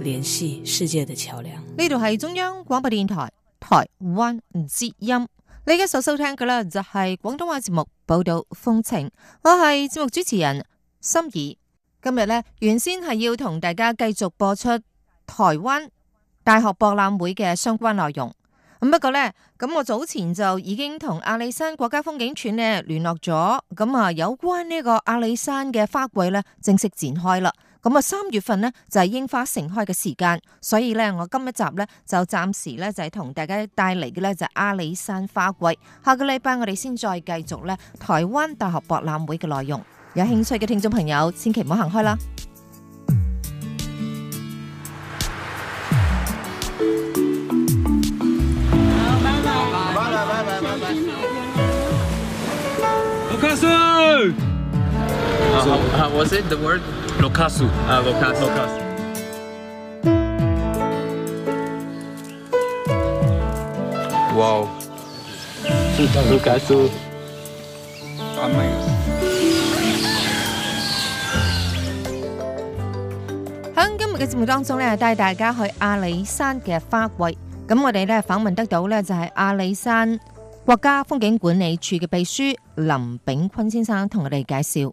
聯繫世界的橋樑。呢度係中央廣播電台台灣之音，你而家所收聽嘅呢就係廣東話節目《報道風情》，我係節目主持人心儀。今日呢，原先係要同大家繼續播出台灣大學博覽會嘅相關內容，咁不過呢，咁我早前就已經同阿里山國家風景區呢聯絡咗，咁啊有關呢個阿里山嘅花季呢，正式展開啦。咁啊，三月份咧就係櫻花盛開嘅時間，所以咧我今一集咧就暫時咧就係同大家帶嚟嘅咧就係阿里山花季，下個禮拜我哋先再繼續咧台灣大學博覽會嘅內容。有興趣嘅聽眾朋友，千祈唔好行開啦。拜拜、拜拜、拜拜。Oscar，how was it the word？洛卡蘇，啊洛卡蘇，哇！洛卡蘇，好。喺今日嘅節目當中呢，帶大家去阿里山嘅花卉。咁我哋呢訪問得到呢，就係阿里山國家風景管理處嘅秘書林炳坤先生同我哋介紹。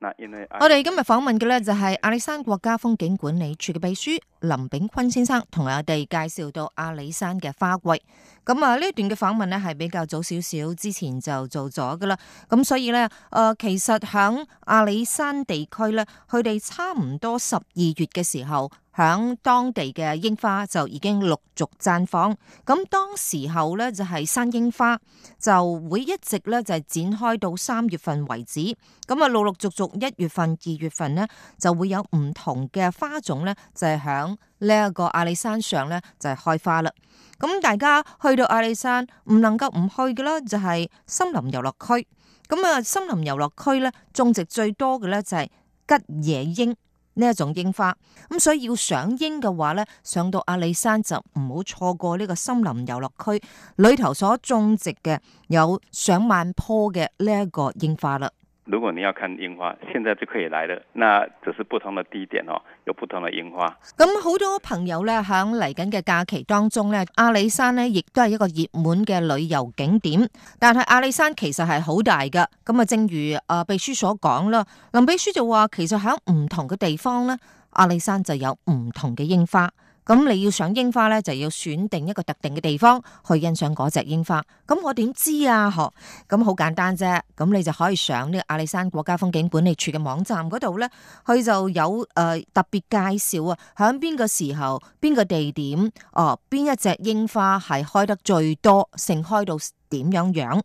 嗱，我哋今日訪問嘅咧就係阿里山國家風景管理處嘅秘書林炳坤先生，同我哋介紹到阿里山嘅花卉。咁啊，呢段嘅訪問咧係比較早少少，之前就做咗噶啦。咁所以咧，誒、呃，其實響阿里山地區咧，佢哋差唔多十二月嘅時候。響當地嘅櫻花就已經陸續綻放，咁當時候咧就係山櫻花就會一直咧就係展開到三月份為止，咁啊陸陸續續一月份、二月份呢，就會有唔同嘅花種咧就係響呢一個阿里山上咧就係開花啦。咁大家去到阿里山唔能夠唔去嘅啦，就係森林遊樂區。咁啊森林遊樂區咧種植最多嘅咧就係吉野櫻。呢一種櫻花，咁所以要賞櫻嘅話咧，上到阿里山就唔好錯過呢個森林遊樂區裏頭所種植嘅有上萬棵嘅呢一個櫻花啦。如果你要看櫻花，現在就可以來了。那只是不同的地點哦，有不同的櫻花。咁好多朋友咧，喺嚟緊嘅假期當中咧，阿里山咧亦都係一個熱門嘅旅遊景點。但係阿里山其實係好大㗎。咁啊，正如啊秘書所講啦，林秘書就話，其實喺唔同嘅地方咧，阿里山就有唔同嘅櫻花。咁你要賞櫻花咧，就要選定一個特定嘅地方去欣賞嗰隻櫻花。咁我點知啊？嗬、哦，咁好簡單啫。咁你就可以上呢個阿里山國家風景管理處嘅網站嗰度咧，佢就有誒、呃、特別介紹啊，喺邊個時候、邊個地點、哦邊一隻櫻花係開得最多，盛開到點樣樣。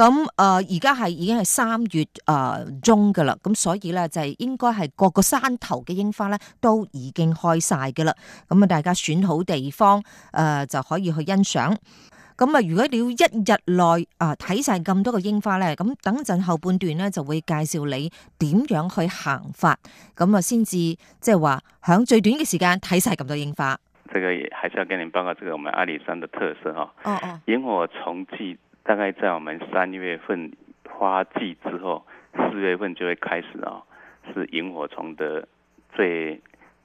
咁、嗯、誒，而家係已經係三月誒、呃、中噶啦，咁、嗯、所以咧就係應該係各個山頭嘅櫻花咧都已經開晒噶啦，咁、嗯、啊大家選好地方誒、呃、就可以去欣賞。咁、嗯、啊，如果你要一日內誒睇晒咁多個櫻花咧，咁、嗯、等陣後半段咧就會介紹你點樣去行法，咁啊先至即係話響最短嘅時間睇晒咁多櫻花。這個還是要跟你報告，這個我們阿里山的特色哦，嗯嗯嗯大概在我們三月份花季之後，四月份就會開始啊，是螢火蟲的最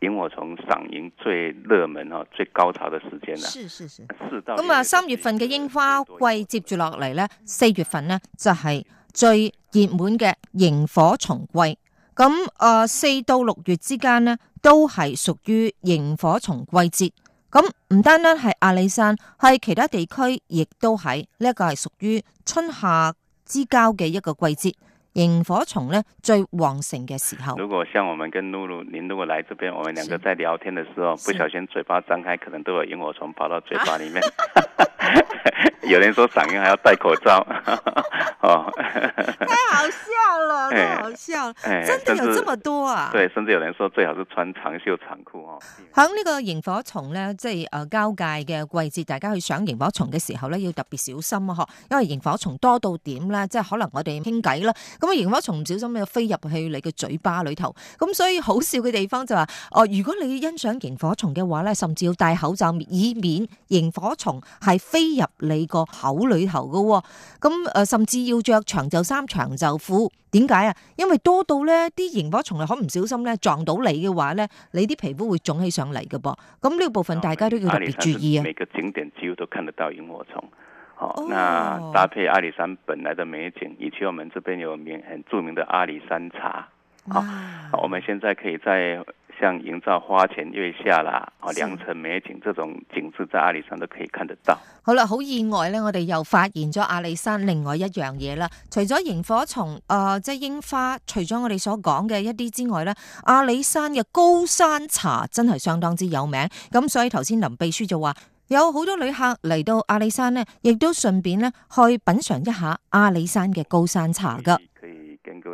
螢火蟲賞螢最熱門啊，最高潮的時間啦、啊。是是是，到咁啊，三月份嘅櫻花季接住落嚟咧，四月份咧就係、是、最熱門嘅螢火蟲季。咁啊，四、呃、到六月之間咧，都係屬於螢火蟲季節。咁唔單單係阿里山，係其他地區，亦都係呢一個係屬於春夏之交嘅一個季節，螢火蟲呢最旺盛嘅時候。如果像我們跟露露，您如果來呢邊，我們兩個在聊天嘅時候，不小心嘴巴張開，可能都有螢火蟲跑到嘴巴裏面。 有人說，賞螢還要戴口罩， 哦，太好笑了，太好笑了，欸、真的有這麼多啊、欸？對，甚至有人說，最好是穿長袖長褲哦。喺呢個螢火蟲呢，即係誒交界嘅季節，大家去賞螢火蟲嘅時候呢，要特別小心啊！因為螢火蟲多到點咧，即係可能我哋傾偈啦，咁螢火蟲唔小心要飛入去你嘅嘴巴裏頭，咁所以好笑嘅地方就話、是、哦、呃，如果你欣賞螢火蟲嘅話呢，甚至要戴口罩，以免螢火蟲係，飛入你個口裏頭噶，咁誒甚至要着長袖衫長袖褲，點解啊？因為多到咧啲螢火蟲，係好唔小心咧撞到你嘅話咧，你啲皮膚會腫起上嚟噶噃。咁呢個部分大家都要特別注意啊！每個景點幾乎都看得到螢火蟲，好，哦，那搭配阿里山本來的美景，以及我們這邊有名很著名的阿里山茶，好，我們現在可以在。像營造花前月下啦，哦，良辰美景這種景致，在阿里山都可以看得到。好啦，好意外咧，我哋又發現咗阿里山另外一樣嘢啦。除咗螢火蟲，誒、呃，即係櫻花，除咗我哋所講嘅一啲之外咧，阿里山嘅高山茶真係相當之有名。咁所以頭先林秘書就話，有好多旅客嚟到阿里山呢，亦都順便呢去品嘗一下阿里山嘅高山茶噶。嗯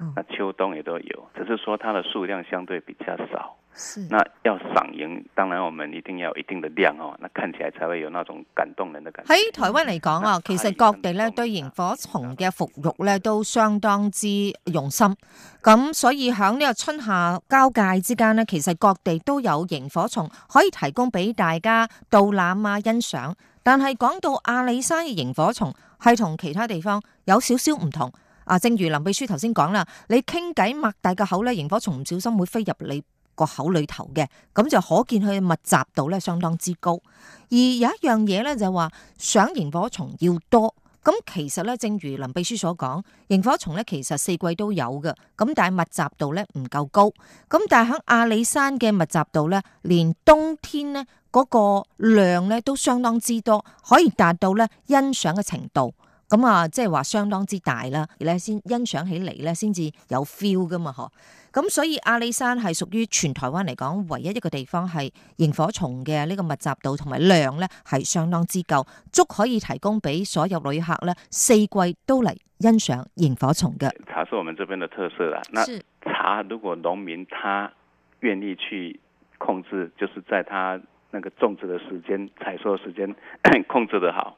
嗯、秋冬亦都有，只是說它的數量相對比較少。是，那要賞螢，當然我們一定要有一定的量哦，那看起來才會有那種感動人的感覺。喺台灣嚟講啊，其實各地咧對螢火蟲嘅復育咧都相當之用心。咁所以喺呢個春夏交界之間咧，其實各地都有螢火蟲可以提供俾大家導覽啊欣賞。但係講到阿里山嘅螢火蟲，係同其他地方有少少唔同。啊，正如林秘書頭先講啦，你傾偈擘大個口咧，螢火蟲唔小心會飛入你個口裏頭嘅，咁就可見佢密集度咧相當之高。而有一樣嘢咧就係話想螢火蟲要多，咁其實咧正如林秘書所講，螢火蟲咧其實四季都有嘅，咁但係密集度咧唔夠高。咁但係喺阿里山嘅密集度咧，連冬天咧嗰個量咧都相當之多，可以達到咧欣賞嘅程度。咁啊，即係話相當之大啦，而咧先欣賞起嚟咧，先至有 feel 噶嘛，嗬！咁所以阿里山係屬於全台灣嚟講，唯一一個地方係螢火蟲嘅呢個密集度同埋量咧係相當之夠，足可以提供俾所有旅客咧四季都嚟欣賞螢火蟲嘅。茶是我們這邊的特色啊，那茶如果農民他願意去控制，就是在他那個種植的時間、採收時間 控制得好，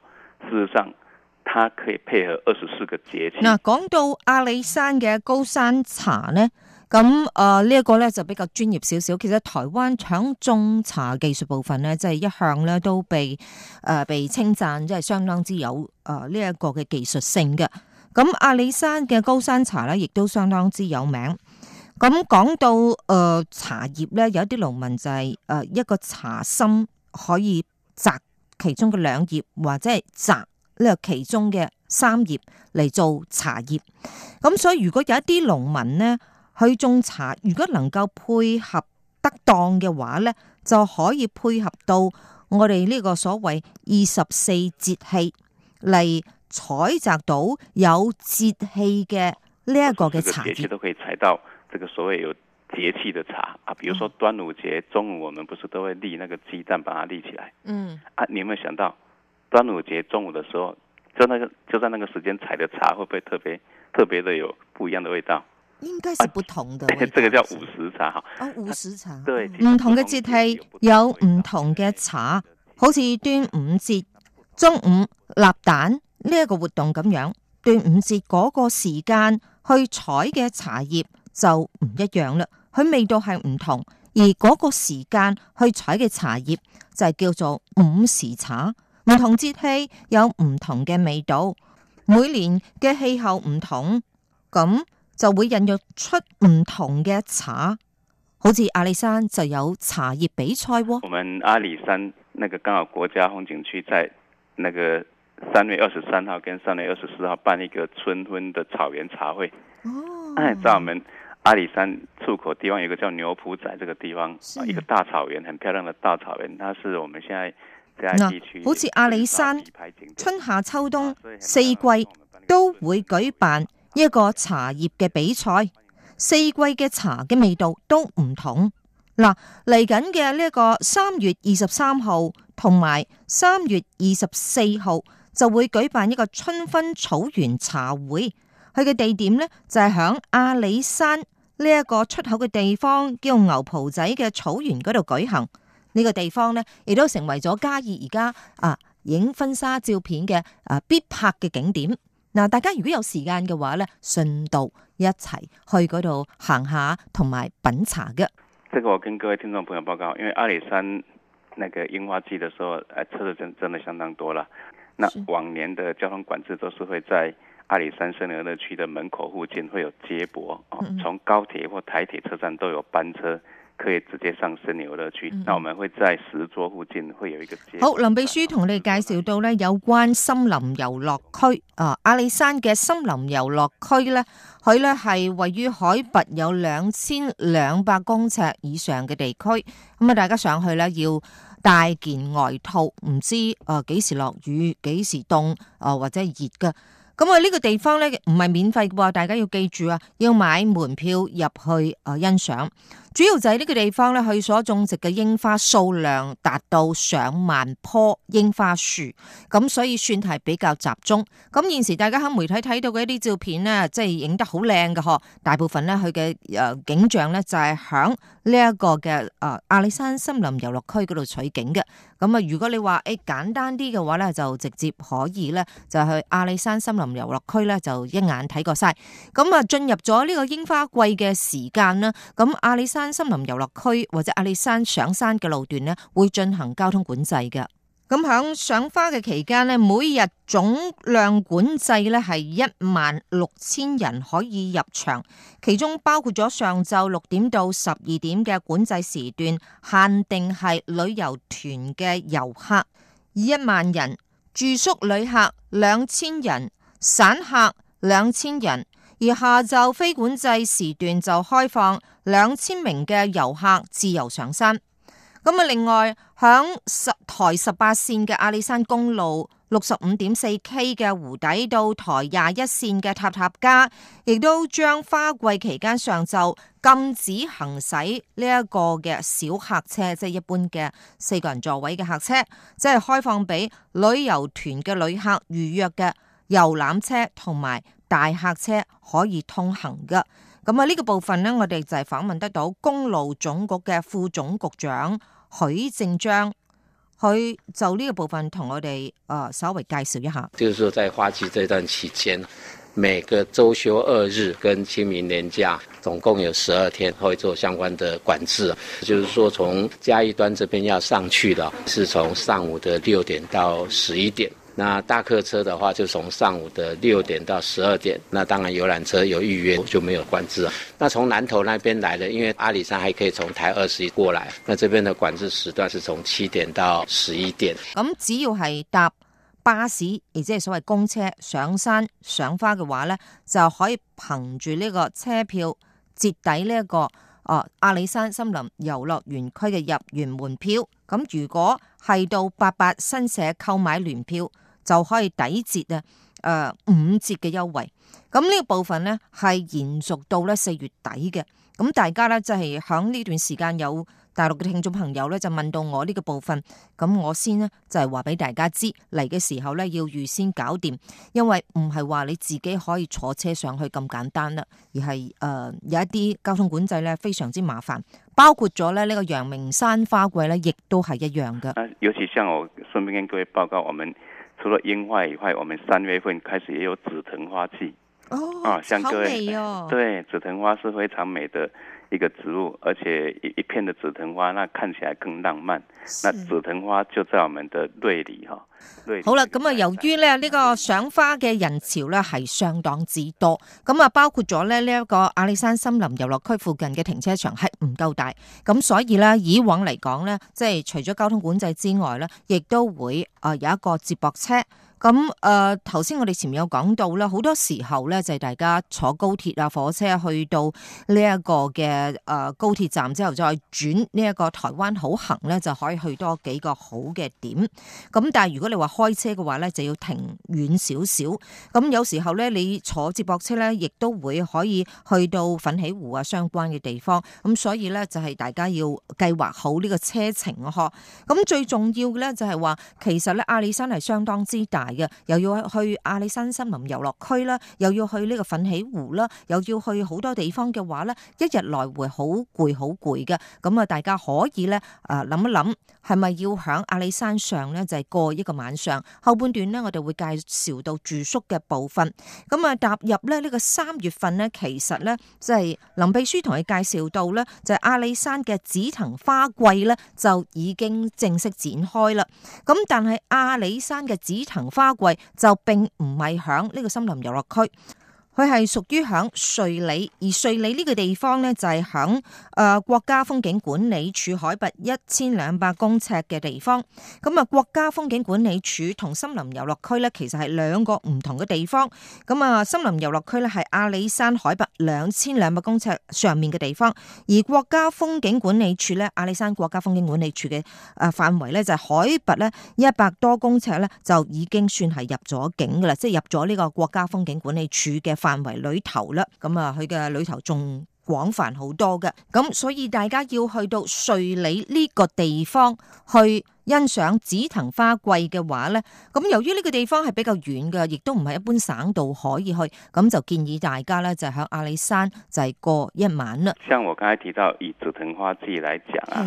事實上。它可以配合二十四個節氣嗱。講到阿里山嘅高山茶呢？咁誒、呢、呃、一、這個咧就比較專業少少。其實台灣搶種茶技術部分咧，即、就、係、是、一向咧都被誒、呃、被稱讚，即、就、係、是、相當之有誒呢一個嘅技術性嘅。咁阿里山嘅高山茶咧，亦都相當之有名。咁講到誒、呃、茶葉咧，有一啲農民就係、是、誒、呃、一個茶心可以摘其中嘅兩葉，或者係摘。呢個其中嘅三葉嚟做茶葉，咁所以如果有一啲農民呢去種茶，如果能夠配合得當嘅話呢，就可以配合到我哋呢個所謂二十四節氣嚟採摘到有節氣嘅呢一個嘅茶。節氣都可以採到，這個所謂有節氣嘅茶啊，比如說端午節中午，我們不是都會立那個雞蛋，把它立起來。嗯，啊、嗯，你有冇想到？端午節中午的時候，就那個就在那個時間採的茶，會不會特別特別的有不一樣的味道？應該是不同的。誒、啊， 這個叫午時茶哈，啊。午時茶。 對。唔同嘅節氣有唔同嘅茶，好似端午節中午立蛋呢一個活動咁樣，端午節嗰個時間去採嘅茶葉就唔一樣啦。佢味道係唔同，而嗰個時間去採嘅茶葉就係叫做午時茶。唔同節氣有唔同嘅味道，每年嘅氣候唔同，咁就會孕育出唔同嘅茶。好似阿里山就有茶葉比賽，哦。我們阿里山那個剛好國家風景區，在那個三月二十三號跟三月二十四號辦一個春分的草原茶會。哦、啊，在我們阿里山出口地方有個叫牛埔仔這個地方，一個大草原，很漂亮的大草原。它是我們現在。嗱，好似阿里山春夏秋冬四季都會舉辦一個茶葉嘅比賽，四季嘅茶嘅味道都唔同。嗱，嚟緊嘅呢一個三月二十三號同埋三月二十四號就會舉辦一個春分草原茶會，佢嘅地點呢就係響阿里山呢一個出口嘅地方叫牛埔仔嘅草原嗰度舉行。呢、這個地方呢，亦都成為咗嘉義而家啊影婚紗照片嘅啊必拍嘅景點。嗱、啊，大家如果有時間嘅話呢順道一齊去嗰度行一下，同埋品茶嘅。這個我跟各位聽眾朋友報告，因為阿里山那個櫻花季的時候，誒、啊、車真真的相當多了。那往年的交通管制都是會在阿里山森林樂區的門口附近會有接駁、哦，從高鐵或台鐵車站都有班車。可以直接上森林遊樂區，那我們會在石桌附近會有一個接好林秘書同你介紹到咧有關森林遊樂區啊，阿里山嘅森林遊樂區呢佢呢係位於海拔有兩千兩百公尺以上嘅地區。咁啊，大家上去呢要帶件外套，唔知啊幾時落雨，幾時凍啊或者熱噶。咁啊，呢個地方呢，唔係免費嘅，大家要記住啊，要買門票入去啊欣賞。主要就係呢個地方咧，佢所種植嘅櫻花數量達到上萬棵櫻花樹，咁所以算係比較集中。咁現時大家喺媒體睇到嘅一啲照片咧，即係影得好靚嘅嗬，大部分咧，佢嘅誒景象咧就係響呢一個嘅誒阿里山森林遊樂區度取景嘅。咁啊，如果你話誒簡單啲嘅話咧，就直接可以咧就去阿里山森林遊樂區咧就一眼睇過晒。咁啊，進入咗呢個櫻花季嘅時間啦，咁阿里山。森林遊樂區或者阿里山上山嘅路段呢，會進行交通管制嘅。咁響賞花嘅期間呢，每日總量管制呢係一萬六千人可以入場，其中包括咗上晝六點到十二點嘅管制時段，限定係旅遊團嘅遊客，以一萬人住宿旅客兩千人，散客兩千人。而下晝非管制時段就開放兩千名嘅遊客自由上山。咁啊，另外響台十八線嘅阿里山公路六十五點四 K 嘅湖底到台廿一線嘅塔塔加，亦都將花季期間上晝禁止行駛呢一個嘅小客車，即係一般嘅四個人座位嘅客車，即係開放俾旅遊團嘅旅客預約嘅遊覽車同埋，大客車可以通行噶，咁啊呢個部分呢，我哋就係訪問得到公路總局嘅副總局長許正章，佢就呢個部分同我哋啊、呃、稍微介紹一下。就是說，在花期這段期間，每個周休二日跟清明年假，總共有十二天會做相關嘅管制。就是說，從嘉義端這邊要上去的，是從上午的六點到十一點。那大客車的話就從上午的六點到十二點，那當然遊覽車有預約，就沒有管制。那從南投那邊來的，因為阿里山還可以從台二十一過來，那這邊的管制時段是從七點到十一點。咁只要係搭巴士，亦即係所謂公車上山賞花嘅話呢，就可以憑住呢個車票折抵呢一個哦，阿里山森林遊樂園區嘅入園門票。咁如果係到八八新社購買聯票，就可以抵折咧，誒五折嘅優惠。咁呢個部分咧係延續到咧四月底嘅。咁大家咧就係喺呢段時間有大陸嘅聽眾朋友咧就問到我呢個部分，咁我先咧就係話俾大家知嚟嘅時候咧要預先搞掂，因為唔係話你自己可以坐車上去咁簡單啦，而係誒有一啲交通管制咧非常之麻煩，包括咗咧呢個陽明山花季咧亦都係一樣嘅。有尤其像我順便跟各位報告，我們。除了櫻花以外，我們三月份開始也有紫藤花季、oh, 啊、哦，啊，香對，紫藤花是非常美的一個植物，而且一一片的紫藤花那看起來更浪漫。那紫藤花就在我們的瑞里哈。好啦，咁啊，由於咧呢個賞花嘅人潮咧係相當之多，咁啊包括咗咧呢一個阿里山森林遊樂區附近嘅停車場係唔夠大，咁所以咧以往嚟講咧，即係除咗交通管制之外咧，亦都會啊有一個接駁車。咁誒，頭先我哋前面有講到啦，好多時候咧就係大家坐高鐵啊、火車去到呢一個嘅誒高鐵站之後，再轉呢一個台灣好行咧，就可以去多幾個好嘅點。咁但係如果你話、就是、開車嘅話咧，就要停遠少少。咁有時候咧，你坐接駁車咧，亦都會可以去到奮起湖啊相關嘅地方。咁所以咧，就係、是、大家要計劃好呢個車程呵。咁最重要嘅咧，就係話其實咧阿里山係相當之大嘅，又要去阿里山森林遊樂區啦，又要去呢個奮起湖啦，又要去好多地方嘅話咧，一日來回好攰好攰嘅。咁啊，大家可以咧誒諗一諗，係咪要響阿里山上咧就係、是、過一個？晚上後半段呢，我哋會介紹到住宿嘅部分。咁、嗯、啊，踏入咧呢、這個三月份呢，其實呢，即、就、係、是、林秘書同你介紹到呢，就係、是、阿里山嘅紫藤花季呢，就已經正式展開啦。咁、嗯、但係阿里山嘅紫藤花季就並唔係響呢個森林遊樂區。佢係屬於響瑞里，而瑞里呢個地方呢，就係響誒國家風景管理處海拔一千兩百公尺嘅地方。咁啊，國家風景管理處同森林遊樂區呢，其實係兩個唔同嘅地方。咁啊，森林遊樂區呢，係阿里山海拔兩千兩百公尺上面嘅地方，而國家風景管理處呢，阿里山國家風景管理處嘅誒範圍呢，就係海拔呢一百多公尺呢，就已經算係入咗境㗎喇，即係入咗呢個國家風景管理處嘅。範圍裏頭啦，咁啊，佢嘅裏頭仲廣泛好多嘅，咁所以大家要去到瑞里呢個地方去欣賞紫藤花季嘅話咧，咁由於呢個地方係比較遠嘅，亦都唔係一般省道可以去，咁就建議大家咧就響阿里山就係過一晚啦。像我剛才提到以紫藤花季嚟講啊，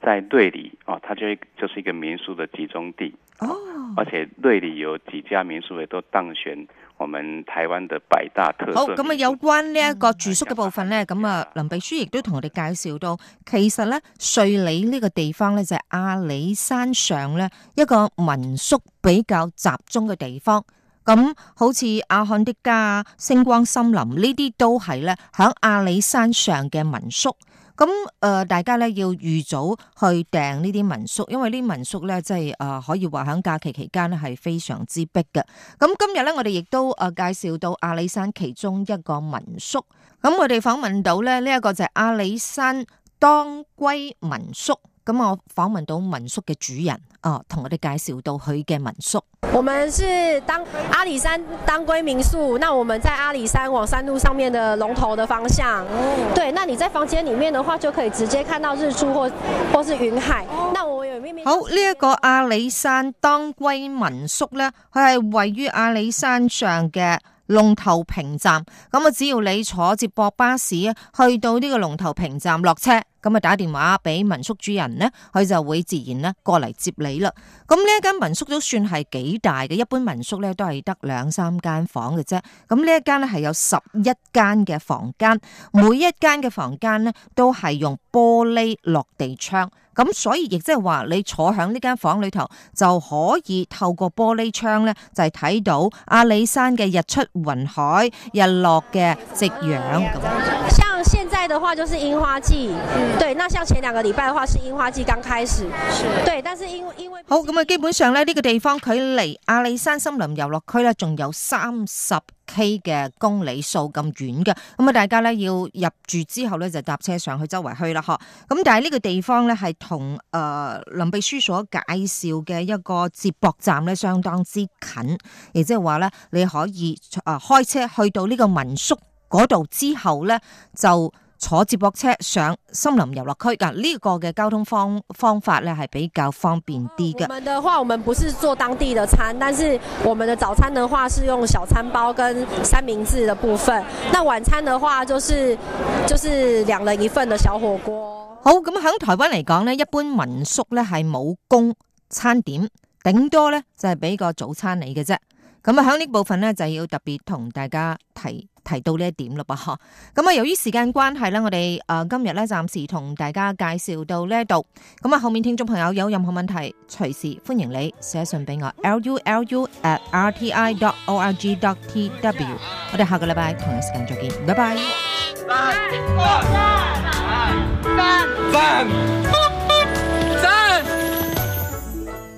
在瑞里哦，它就就是一個民宿的集中地哦，而且瑞里有幾家民宿也都當選。我們台灣的百大特色民宿好。咁啊，有關呢一個住宿嘅部分咧，咁、嗯、啊林秘書亦都同我哋介紹到，嗯、其實咧瑞里呢個地方咧就係阿里山上咧一個民宿比較集中嘅地方，咁好似阿漢的家、星光森林呢啲都係咧響阿里山上嘅民宿。咁誒，大家咧要預早去訂呢啲民宿，因為呢啲民宿咧即係誒，可以話喺假期期間咧係非常之逼嘅。咁今日咧，我哋亦都誒介紹到阿里山其中一個民宿。咁我哋訪問到咧呢一個就係阿里山當歸民宿。咁我訪問到民宿嘅主人，哦、啊，同我哋介紹到佢嘅民宿。我們是當阿里山當歸民宿，那我們在阿里山往山路上面的龍頭的方向。嗯、對，那你在房間裏面的話，就可以直接看到日出或或是雲海。哦、那我有面面好呢一、這個阿里山當歸民宿呢，佢係位於阿里山上嘅龍頭坪站。咁啊，只要你坐接駁巴士去到呢個龍頭坪站落車。咁啊，打電話俾民宿主人咧，佢就會自然咧過嚟接你啦。咁呢一間民宿都算係幾大嘅，一般民宿咧都係得兩三間房嘅啫。咁呢一間咧係有十一間嘅房間，每一間嘅房間咧都係用玻璃落地窗。咁所以亦即係話，你坐喺呢間房間裏頭，就可以透過玻璃窗呢，就係、是、睇到阿里山嘅日出雲海、日落嘅夕陽咁。像現在嘅話，就是櫻花季、嗯，對，那像前兩個禮拜嘅話是櫻，是櫻花季剛開始，對，但是因為因為好咁啊，基本上呢，呢、這個地方距離阿里山森林遊樂區呢，仲有三十。K 嘅公里數咁遠嘅，咁啊大家咧要入住之後咧就搭車上去周圍去啦呵。咁但係呢個地方咧係同誒林秘書所介紹嘅一個接駁站咧相當之近，亦即係話咧，你可以誒開車去到呢個民宿嗰度之後咧就。坐接駁車上森林遊樂區，噶、這、呢個嘅交通方方法咧係比較方便啲嘅。我們的話，我們不是做當地的餐，但是我們的早餐的話是用小餐包跟三明治的部分。那晚餐的話就是就是兩人一份的小火鍋。好，咁喺台灣嚟講咧，一般民宿咧係冇供餐點，頂多咧就係俾個早餐你嘅啫。咁啊喺呢部分呢，就要特別同大家提。提到呢一點嘞噃，咁啊，由於時間關係咧，我哋誒今日咧暫時同大家介紹到呢一度，咁啊，後面聽眾朋友有任何問題，隨時歡迎你寫信俾我 Lulu at rti.org.tw，我哋下個禮拜同一時間再見，拜拜。